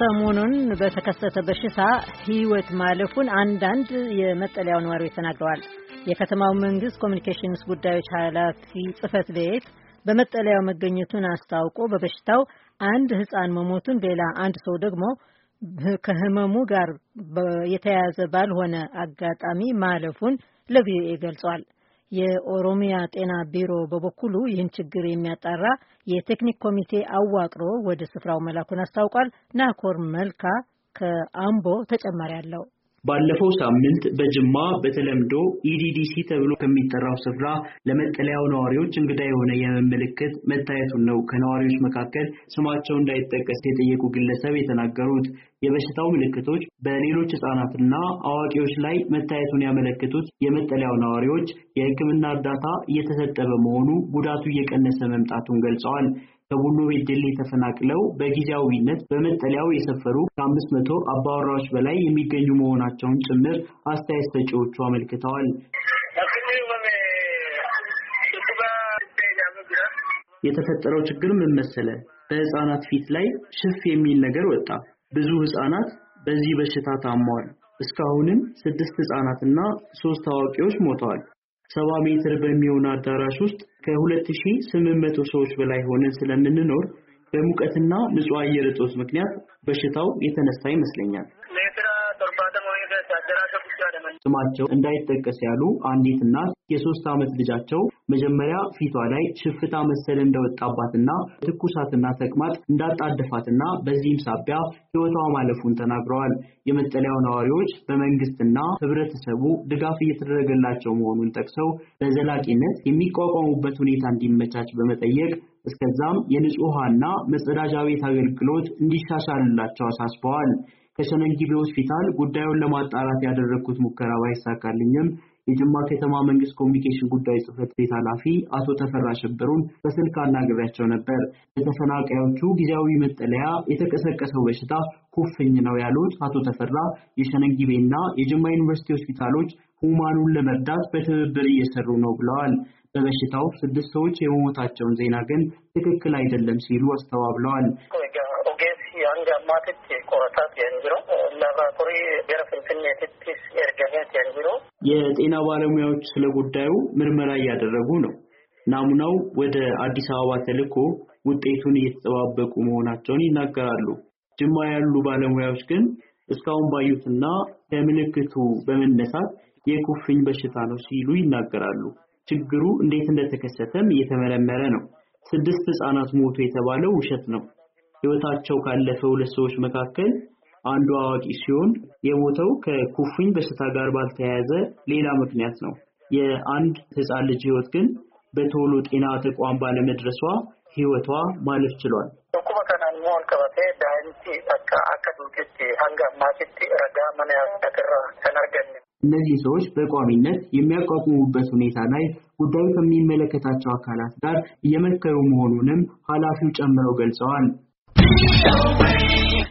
ሰሞኑን በተከሰተ በሽታ ሕይወት ማለፉን አንዳንድ የመጠለያው ነዋሪዎች ተናግረዋል። የከተማው መንግስት ኮሚኒኬሽንስ ጉዳዮች ኃላፊ ጽህፈት ቤት በመጠለያው መገኘቱን አስታውቆ በበሽታው አንድ ሕፃን መሞቱን፣ ሌላ አንድ ሰው ደግሞ ከህመሙ ጋር የተያያዘ ባልሆነ አጋጣሚ ማለፉን ለቪኦኤ ገልጿል። የኦሮሚያ ጤና ቢሮ በበኩሉ ይህን ችግር የሚያጣራ የቴክኒክ ኮሚቴ አዋቅሮ ወደ ስፍራው መላኩን አስታውቋል። ናኮር መልካ ከአምቦ ተጨማሪ አለው። ባለፈው ሳምንት በጅማ በተለምዶ ኢዲዲሲ e ተብሎ ከሚጠራው ስፍራ ለመጠለያው ነዋሪዎች እንግዳ የሆነ የህመም መታየቱን ነው ከነዋሪዎች መካከል ስማቸው እንዳይጠቀስ የጠየቁ ግለሰብ የተናገሩት። የበሽታው ምልክቶች በሌሎች ህጻናትና አዋቂዎች ላይ መታየቱን ያመለክቱት የመጠለያው ነዋሪዎች የህክምና እርዳታ እየተሰጠ በመሆኑ ጉዳቱ እየቀነሰ መምጣቱን ገልጸዋል። ከቡኖ ቤደሌ ተፈናቅለው በጊዜያዊነት በመጠለያው የሰፈሩ ከአምስት መቶ አባወራዎች በላይ የሚገኙ መሆናቸውን ጭምር አስተያየት ሰጪዎቹ አመልክተዋል። የተፈጠረው ችግር ምን መሰለ? በህፃናት ፊት ላይ ሽፍ የሚል ነገር ወጣ። ብዙ ህፃናት በዚህ በሽታ ታመዋል። እስካሁንም ስድስት ህፃናትና ሶስት ታዋቂዎች ሞተዋል። ሰባ ሜትር በሚሆን አዳራሽ ውስጥ ከ2800 ሰዎች በላይ ሆነን ስለምንኖር በሙቀትና ንጹህ አየር እጦት ምክንያት በሽታው የተነሳ ይመስለኛል። ስማቸው እንዳይጠቀስ ያሉ አንዲት እናት የሶስት ዓመት ልጃቸው መጀመሪያ ፊቷ ላይ ሽፍታ መሰል እንደወጣባትና ትኩሳትና ተቅማጥ እንዳጣደፋትና በዚህም ሳቢያ ሕይወቷ ማለፉን ተናግረዋል። የመጠለያው ነዋሪዎች በመንግስትና ህብረተሰቡ ድጋፍ እየተደረገላቸው መሆኑን ጠቅሰው በዘላቂነት የሚቋቋሙበት ሁኔታ እንዲመቻች በመጠየቅ እስከዛም የንጹህ ውሃና መጸዳጃ ቤት አገልግሎት እንዲሻሻልላቸው አሳስበዋል። ከሸነንጊቤ ሆስፒታል ጉዳዩን ለማጣራት ያደረግኩት ሙከራ ባይሳካልኝም የጅማ ከተማ መንግስት ኮሚኒኬሽን ጉዳይ ጽህፈት ቤት ኃላፊ አቶ ተፈራ ሸበሩን በስልክ አናግሬያቸው ነበር። ለተፈናቃዮቹ ጊዜያዊ መጠለያ የተቀሰቀሰው በሽታ ኩፍኝ ነው ያሉት አቶ ተፈራ ና የጅማ ዩኒቨርሲቲ ሆስፒታሎች ሁማኑን ለመርዳት በትብብር እየሰሩ ነው ብለዋል። በበሽታው ስድስት ሰዎች የመሞታቸውን ዜና ግን ትክክል አይደለም ሲሉ አስተባብለዋል። የጤና ባለሙያዎች ስለ ጉዳዩ ምርመራ እያደረጉ ነው። ናሙናው ወደ አዲስ አበባ ተልኮ ውጤቱን እየተጠባበቁ መሆናቸውን ይናገራሉ። ጅማ ያሉ ባለሙያዎች ግን እስካሁን ባዩትና ከምልክቱ በመነሳት የኩፍኝ በሽታ ነው ሲሉ ይናገራሉ። ችግሩ እንዴት እንደተከሰተም እየተመረመረ ነው። ስድስት ህጻናት ሞቱ የተባለው ውሸት ነው። ህይወታቸው ካለፈ ሁለት ሰዎች መካከል አንዱ አዋቂ ሲሆን የሞተው ከኩፍኝ በሽታ ጋር ባልተያያዘ ሌላ ምክንያት ነው። የአንድ ህፃን ልጅ ህይወት ግን በቶሎ ጤና ተቋም ባለመድረሷ ህይወቷ ማለፍ ችሏል። እነዚህ ሰዎች በቋሚነት የሚያቋቁሙበት ሁኔታ ላይ ጉዳዩ ከሚመለከታቸው አካላት ጋር እየመከሩ መሆኑንም ኃላፊው ጨምረው ገልጸዋል። Be away.